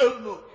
euro.